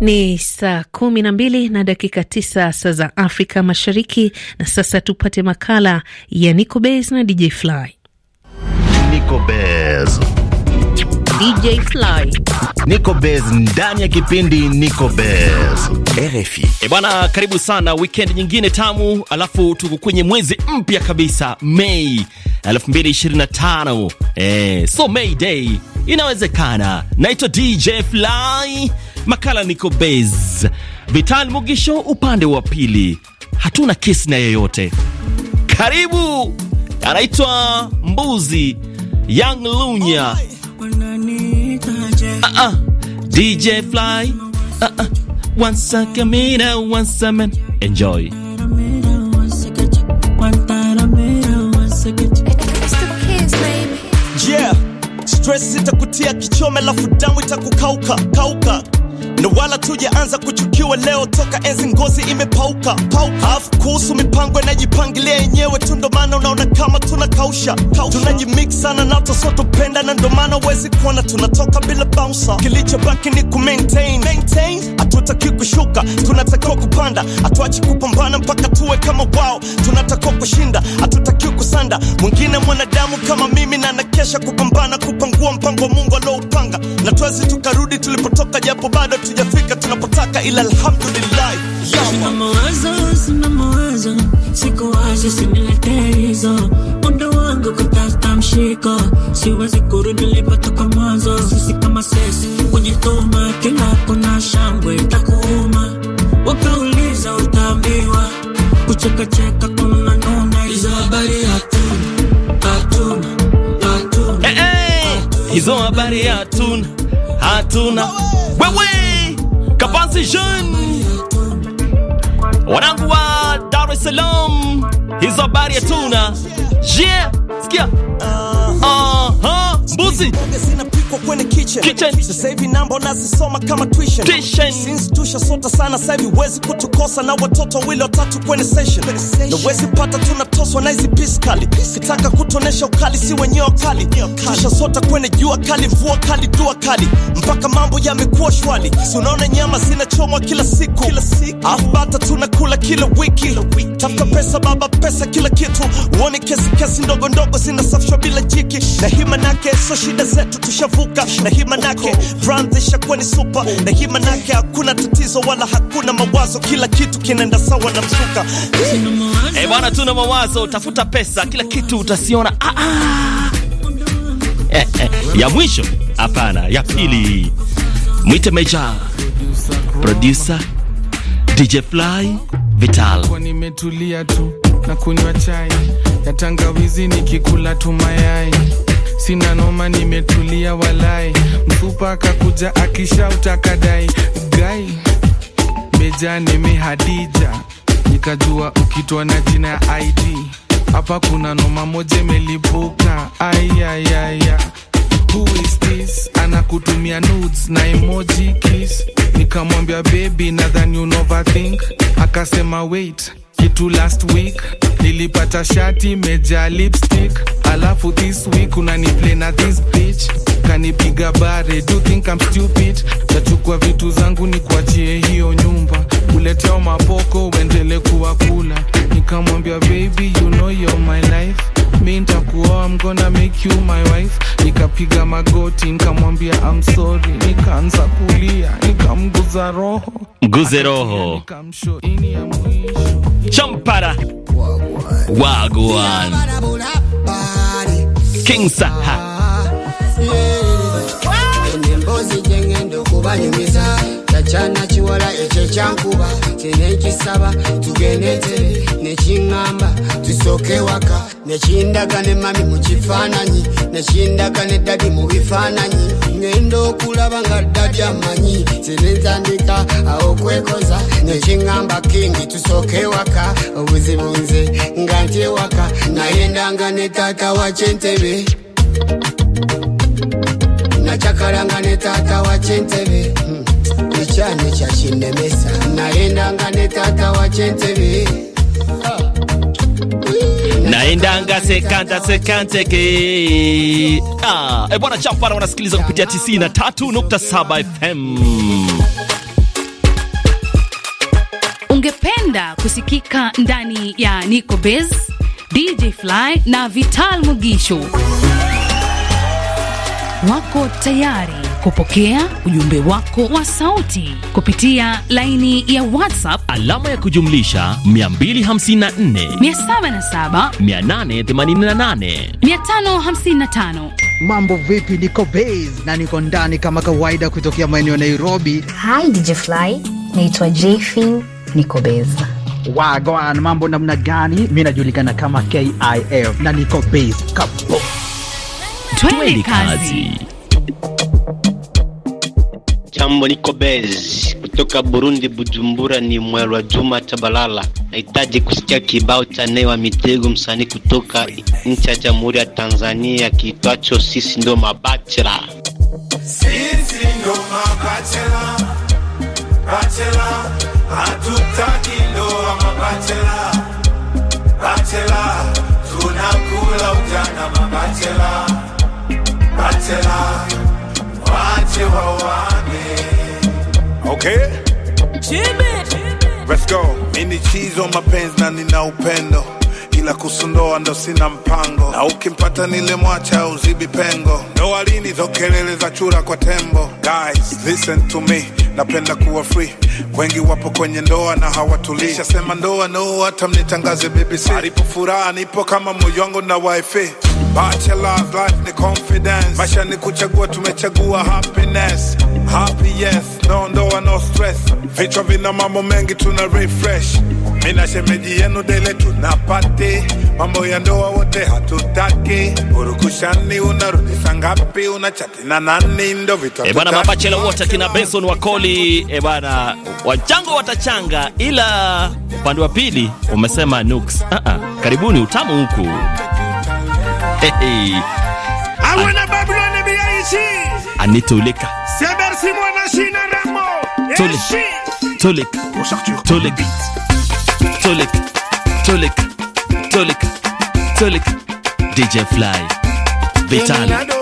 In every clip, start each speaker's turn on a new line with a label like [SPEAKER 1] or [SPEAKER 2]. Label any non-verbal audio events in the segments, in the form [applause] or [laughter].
[SPEAKER 1] Ni saa kumi na mbili na dakika tisa saa za Afrika Mashariki. Na sasa tupate makala ya Nico Bez na DJ Fly.
[SPEAKER 2] Nico Bez,
[SPEAKER 1] DJ Fly,
[SPEAKER 2] Bez ndani ya kipindi Nico Bez RFI. E bwana, karibu sana weekend nyingine tamu, alafu tuko kwenye mwezi mpya kabisa Mei 2025. Eh, so May Day inawezekana. Naitwa DJ Fly Makala niko bas Vital Mugisho, upande wa pili hatuna kesi na yeyote. Karibu, anaitwa Mbuzi Young Lunya.
[SPEAKER 1] Uh
[SPEAKER 2] -uh. DJ Fly. Uh -uh. Once Enjoy.
[SPEAKER 3] Yeah. Stress itakutia kichome, lafu damu itakukauka kauka na wala tujaanza kuchukiwa leo, toka enzi ngozi imepauka pauka. kuhusu mipango inajipangilia yenyewe tu, ndo maana unaona kama tunakausha tunajimix sana nato, so na ndo maana wezi kuona tunatoka bila bouncer. Kilichobaki ni ku maintain hatutaki kushuka, tunatakiwa kupanda, hatuachi kupambana mpaka tuwe kama wao, tunatakiwa kushinda, hatutaki kusanda. Mwingine mwanadamu kama mimi na nakesha kupambana kupangua mpango Mungu alioupanga na twezi tukarudi tulipotoka, japo
[SPEAKER 1] bado tujafika tunapotaka, ila alhamdulillah. Sina mawazo, sina mawazo, siko wazi, siniletee hizo muda wangu kutafuta mshiko, siwezi kurudi nilipotoka mwanzo. Sisi kama sisi kujituma, kila kuna shangwe itakuuma, wakauliza utaambiwa, kuchekacheka kunanuna, hizo habari hatuna, hatuna,
[SPEAKER 2] hatuna, eh, eh! hizo habari hatuna hatuna wewe Kapanzi Jeune, wanangu wa Dar es Salaam, hizo habari hatuna je, yeah.
[SPEAKER 3] Sisi kwenye kitchen, kitchen. Sasa hivi namba unazisoma kama tuition, tuition. Since tusha sota sana sasa hivi huwezi kutukosa na watoto wawili watatu kwenye session, Na huwezi pata tunatoswa na hizi piskali kitaka kutonesha ukali si wenyewe kali tusha sota kwenye jua kali mvua kali dua kali mpaka mambo yamekuwa shwali si unaona nyama zinachomwa kila siku kila siku afbata tunakula kila wiki, wiki. tafuta pesa baba pesa kila kitu uone kesi kesi ndogo ndogo zinasafishwa bila jiki na himanake social shida zetu tushavuka, na hii manake brand ishakuwa ni super, na hii manake hakuna tatizo wala hakuna mawazo, kila kitu kinaenda sawa na msuka.
[SPEAKER 2] Eh bwana, tuna mawazo, tafuta pesa, kila kitu utasiona. Ah, ah. Eh, eh. Ya mwisho hapana, ya pili mwite Meja, producer DJ Fly Vital. Kwa
[SPEAKER 4] nimetulia tu na kunywa chai ya tangawizi nikikula tu mayai sina noma, nimetulia walai. Mfupa akakuja akishauta utakadai gai meja nime Hadija, nikajua ukitwa na jina ya ID hapa kuna noma moja imelipuka. Ayayaya, who is this? Anakutumia nudes na emoji kiss. Nikamwambia baby, nadhani unoverthink. Akasema wait kitu last week nilipata shati meja lipstick alafu this week unaniplay na this bitch kanipiga bare do think I'm stupid tachukua vitu zangu ni nikuachie hiyo nyumba uleteo mapoko uendele kula. nikamwambia baby you know you're my life mi ntakuoa I'm gonna make you my wife nikapiga magoti nikamwambia I'm sorry nikaanza kulia nikamguza roho
[SPEAKER 2] guze roho nikamshoini ya
[SPEAKER 4] mwisho Champara
[SPEAKER 2] Wagwan King Saha
[SPEAKER 1] kyanakiwala ekyo kyankuba kyenekisaba tugendetere
[SPEAKER 2] nekiŋŋamba tusooke waka nekindaga ne mami mu kifaananyi nekindaga ne ddadi mu bifaananyi ŋenda okulaba nga ddadi amanyi
[SPEAKER 1] zinezandika okwekoza nekiŋŋamba kingi tusooke waka obuzibu nze nga nti ewaka nayendanga ne taata wa kyentebe nakyakalanga ne taata wa kyentebe
[SPEAKER 2] hmm. icyana cya kinemesa narendangane tata wa censebe naendanga sekanda sekanteke ah, e bwana chapara wanasikiliza kupitia 93.7 FM. Ungependa kusikika ndani ya Nico Bez, DJ Fly na Vital Mugisho wako tayari kupokea ujumbe wako wa sauti kupitia laini ya WhatsApp alama ya kujumlisha 254 77 Mambo vipi? Niko base na niko ndani kama kawaida kutokea maeneo ya Nairobi. Hi DJ Fly, naitwa Jfin, niko base Wagwan, mambo namna gani? Mi najulikana kama KIF na niko base kapo. Twende kazi. Jambo, niko
[SPEAKER 3] Bezi kutoka Burundi, Bujumbura. Ni Mwelwa Juma Tabalala. Nahitaji kusikia kibao cha wa Mitego, msanii kutoka nchi ya Jamhuri ya Tanzania, kiitwacho sisi ndo mabachela.
[SPEAKER 4] Sisi ndo mabachela, bachela, hatutaki ndoa mabachela, bachela, tunakula ujana mabachela, bachela Wache wawane. chizo mapenzi na nina upendo ila kusundoa ndo sina mpango, na ukimpata nile mwacha uzibi pengo. Ndoa lini zokelele za chura kwa tembo? Guys listen to me, napenda kuwa free. Wengi wapo kwenye ndoa na hawatulii, shasema ndoa no, hata mnitangaze BBC. Alipo furaha nipo kama moyo wangu na wifi bachelors life ni confidence, maisha ni kuchagua, tumechagua happiness, happy yes, no ndoa no stress, vichwa vina mambo mengi, tuna refresh. Mina shemeji yenu dele tunapati, mambo ya ndoa wote hatutaki, urukushani unarudi sangapi, unachati na nani, ndo vitu e eh, bana, mabachela wote
[SPEAKER 2] kina Benson Wakoli e eh, bana, wachango watachanga, ila upande wa pili umesema Nuks. Uh ah, -uh. Ah, karibuni utamu huku Hey.
[SPEAKER 1] Awena An Babylon ebia ishi.
[SPEAKER 2] Anitoleka.
[SPEAKER 1] Sebersi mwana shina ramo.
[SPEAKER 2] Tolek. Tolek. Tolek. Tolek. Tolek. DJ Fly.
[SPEAKER 1] Vital.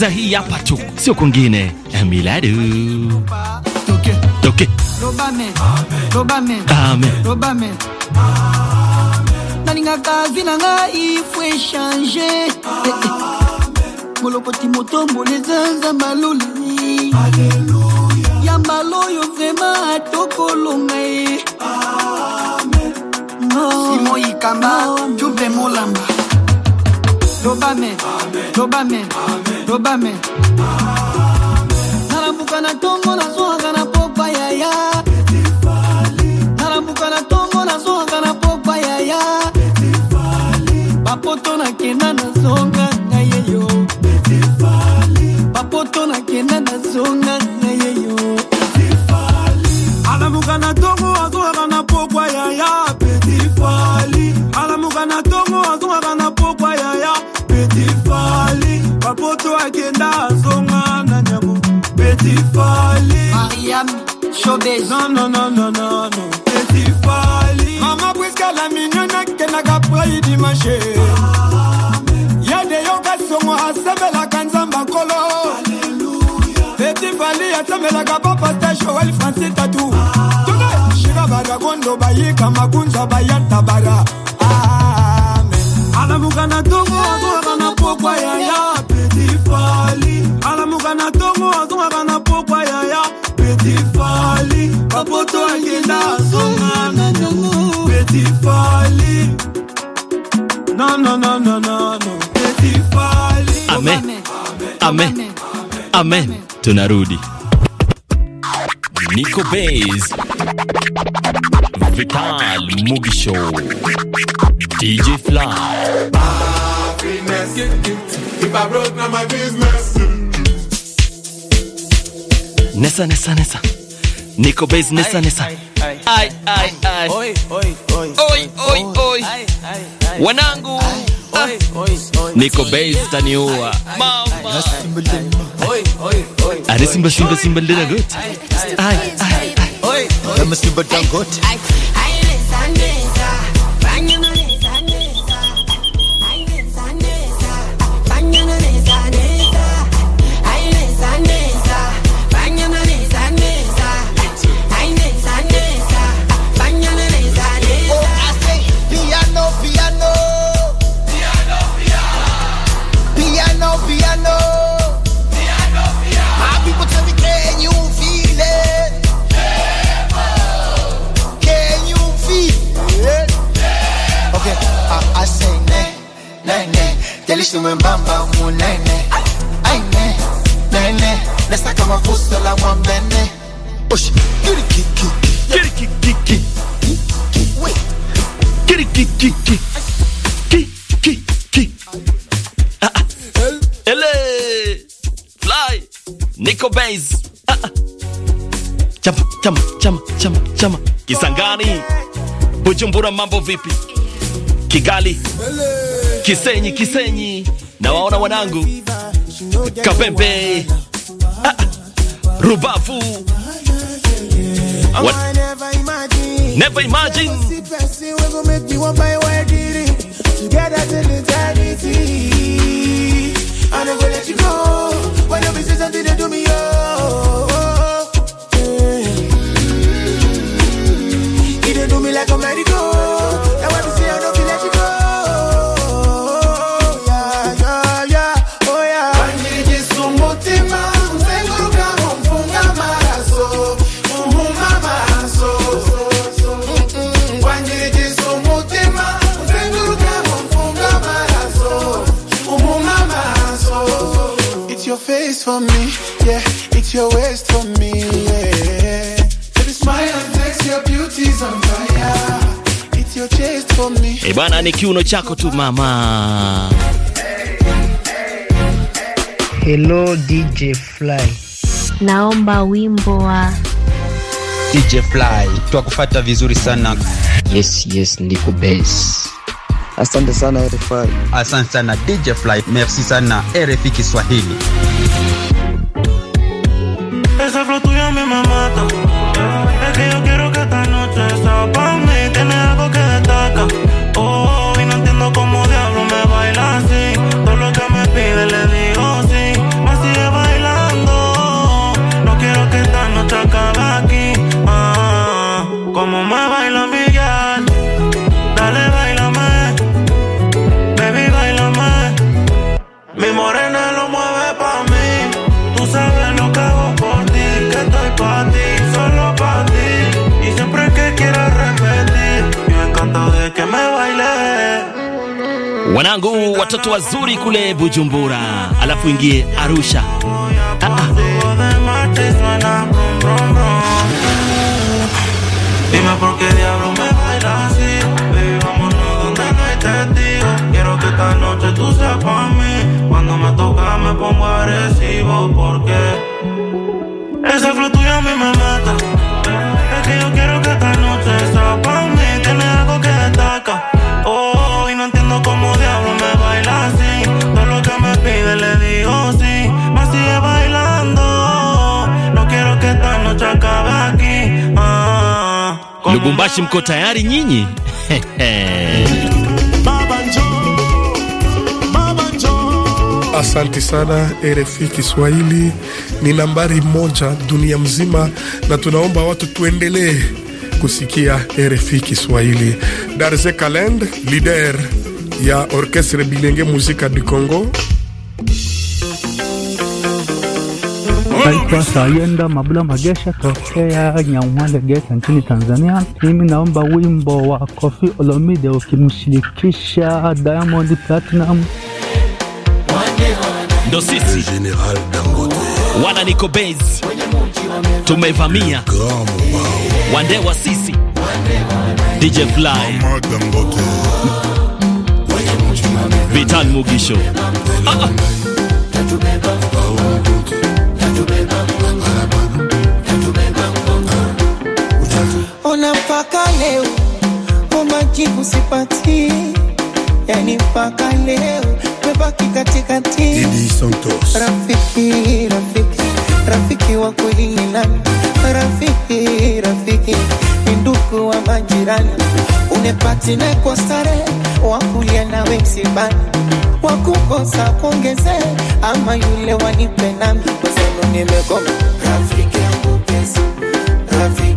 [SPEAKER 2] sikiliza hii hapa tu, sio kwingine. Eh, miladu toke toke
[SPEAKER 4] robame robame amen robame nalinga kazi na ngai fwe changer
[SPEAKER 1] molokoti motomboleza nzamba loli ya mbala oyo atokolonga ye simo ikamba juve molamba robame robame tobame narabuka na tongo nazwaka na popa yaya narabuka na tongo nazwaka na popa yaya bapoto nakenda nazonga ngayeyo bapoto nakenda nazonga
[SPEAKER 3] Non, non, non, non, non, non. fali. Mama la n'a qu'à Yade fali Tatou. gondo bayika Amen. Alamuka na tongo ya ya.
[SPEAKER 1] tongo
[SPEAKER 2] amen. Tunarudi Nico Base, Vital Mugisho,
[SPEAKER 4] DJ Fly. if I broke now my business.
[SPEAKER 2] Nessa, Nessa, Nessa. Nico Base, Nessa, Nessa.
[SPEAKER 4] Ai, ai, ai. Oi, oi, oi. Oi,
[SPEAKER 2] oi, oi. Wanangu. oi, oi, oi. Nico Base taniua. Mama. Ai, ai, ai. Are Simba Simba Simba little good? Aye, aye, aye. Simba Dangote.
[SPEAKER 3] Mwanzilishi mwembamba munene aine nene nesa kama fuso la mwambene osh kiri kiki kiri kiki kiki
[SPEAKER 2] kiri kiki kiki kiki kiki ele fly Nico Benz chama chama chama chama chama Kisangani Bujumbura mambo vipi Kigali ele. Kisenyi, Kisenyi, na waona wanangu
[SPEAKER 1] Kapembe,
[SPEAKER 2] ah, Rubavu,
[SPEAKER 1] What? Never imagine.
[SPEAKER 4] twist your waist for me, yeah.
[SPEAKER 2] bwana eh, ni kiuno chako tu mama. Hello DJ Fly.
[SPEAKER 3] Naomba wimbo wa
[SPEAKER 2] DJ Fly. Twakufata vizuri sana. Yes, yes, ndiko
[SPEAKER 1] bass.
[SPEAKER 2] Asante sana RFI. Asante sana DJ Fly. Merci sana RFI Kiswahili. wanangu watoto wazuri kule Bujumbura, alafu ingie Arusha. Ah -ah. Lubumbashi, mko tayari nyinyi? [laughs]
[SPEAKER 4] Asanti sana RFI Kiswahili ni nambari moja dunia mzima, na tunaomba watu tuendelee kusikia RFI Kiswahili. Darze Kalend, leader ya Orchestre Bilenge Musika du Congo. Naitwa Sayenda Mabula Magesha tokea Nyamwale geta nchini Tanzania. Mimi naomba wimbo wa kofi Olomide ukimshirikisha Diamond Platinum
[SPEAKER 2] ndo sisi wana niko base tumevamia wandewa sisi DJ Fly Vital Mugisho
[SPEAKER 1] ah. ah. mpaka leo majibu sipati, yani mpaka leo mebaki katikati. rafiki rafiki rafiki wa kweli ni nani? Rafiki rafiki ni ndugu wa majirani, unepatine kwa starehe, wakulia nawe msibani, wakukosa kuongeze ama yule wanipe nami kwezenu nimegoma. Rafiki yangu pesa, rafiki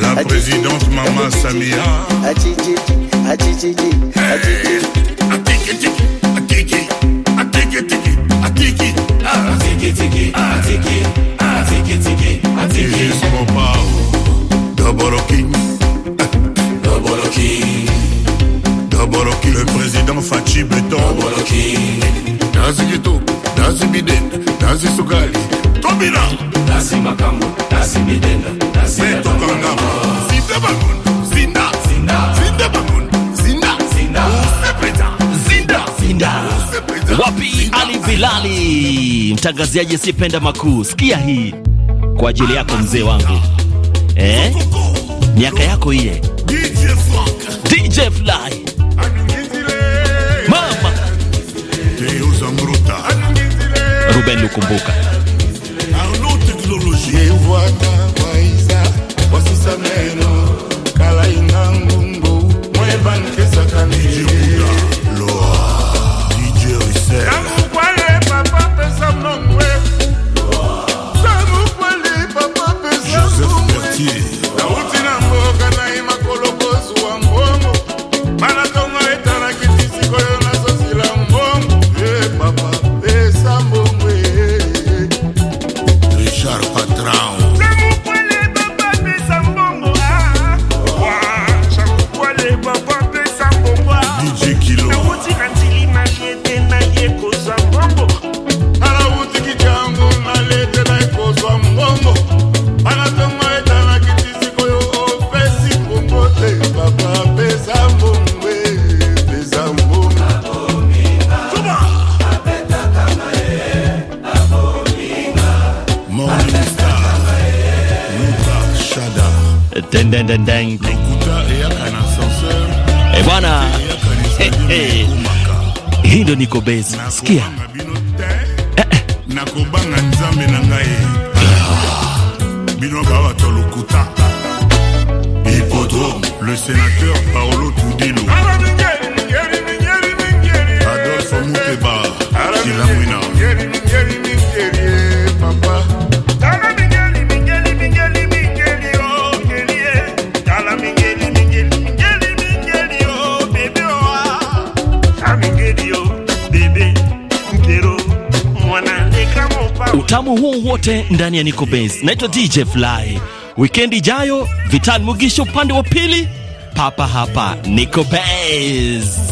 [SPEAKER 4] La présidente Mama Samia.
[SPEAKER 1] activismo power. Double King. Double King. Double King. Le président Fachi Béton. Double King. Nazi Gito. Nazi Biden. Nazi Sugali. Tobina. Nazi Makambo. Nazi Bidena. Nazi Beto Kangama. Zinde Bangun. Zinda. Zinda. Zinde Bangun. Zinda. Zinda. Usepeta.
[SPEAKER 2] Zinda. Zinda. Wapi Ali Bilali, mtangaziaji asiyependa makuu. Sikia hii kwa ajili yako mzee wangu eh? miaka yako ile
[SPEAKER 1] DJ Fly mama
[SPEAKER 2] Ruben Lukumbuka Niko Base. Sikia.
[SPEAKER 1] Nakobanga nzambe na ngai. Bino ba bato lokuta. Hippodrome, le sénateur Paolo Tudilo. utamu
[SPEAKER 2] huo wote ndani ya Niko Base. Naitwa DJ Fly. Wikendi ijayo Vital Mugisha upande wa pili, papa hapa Niko Base.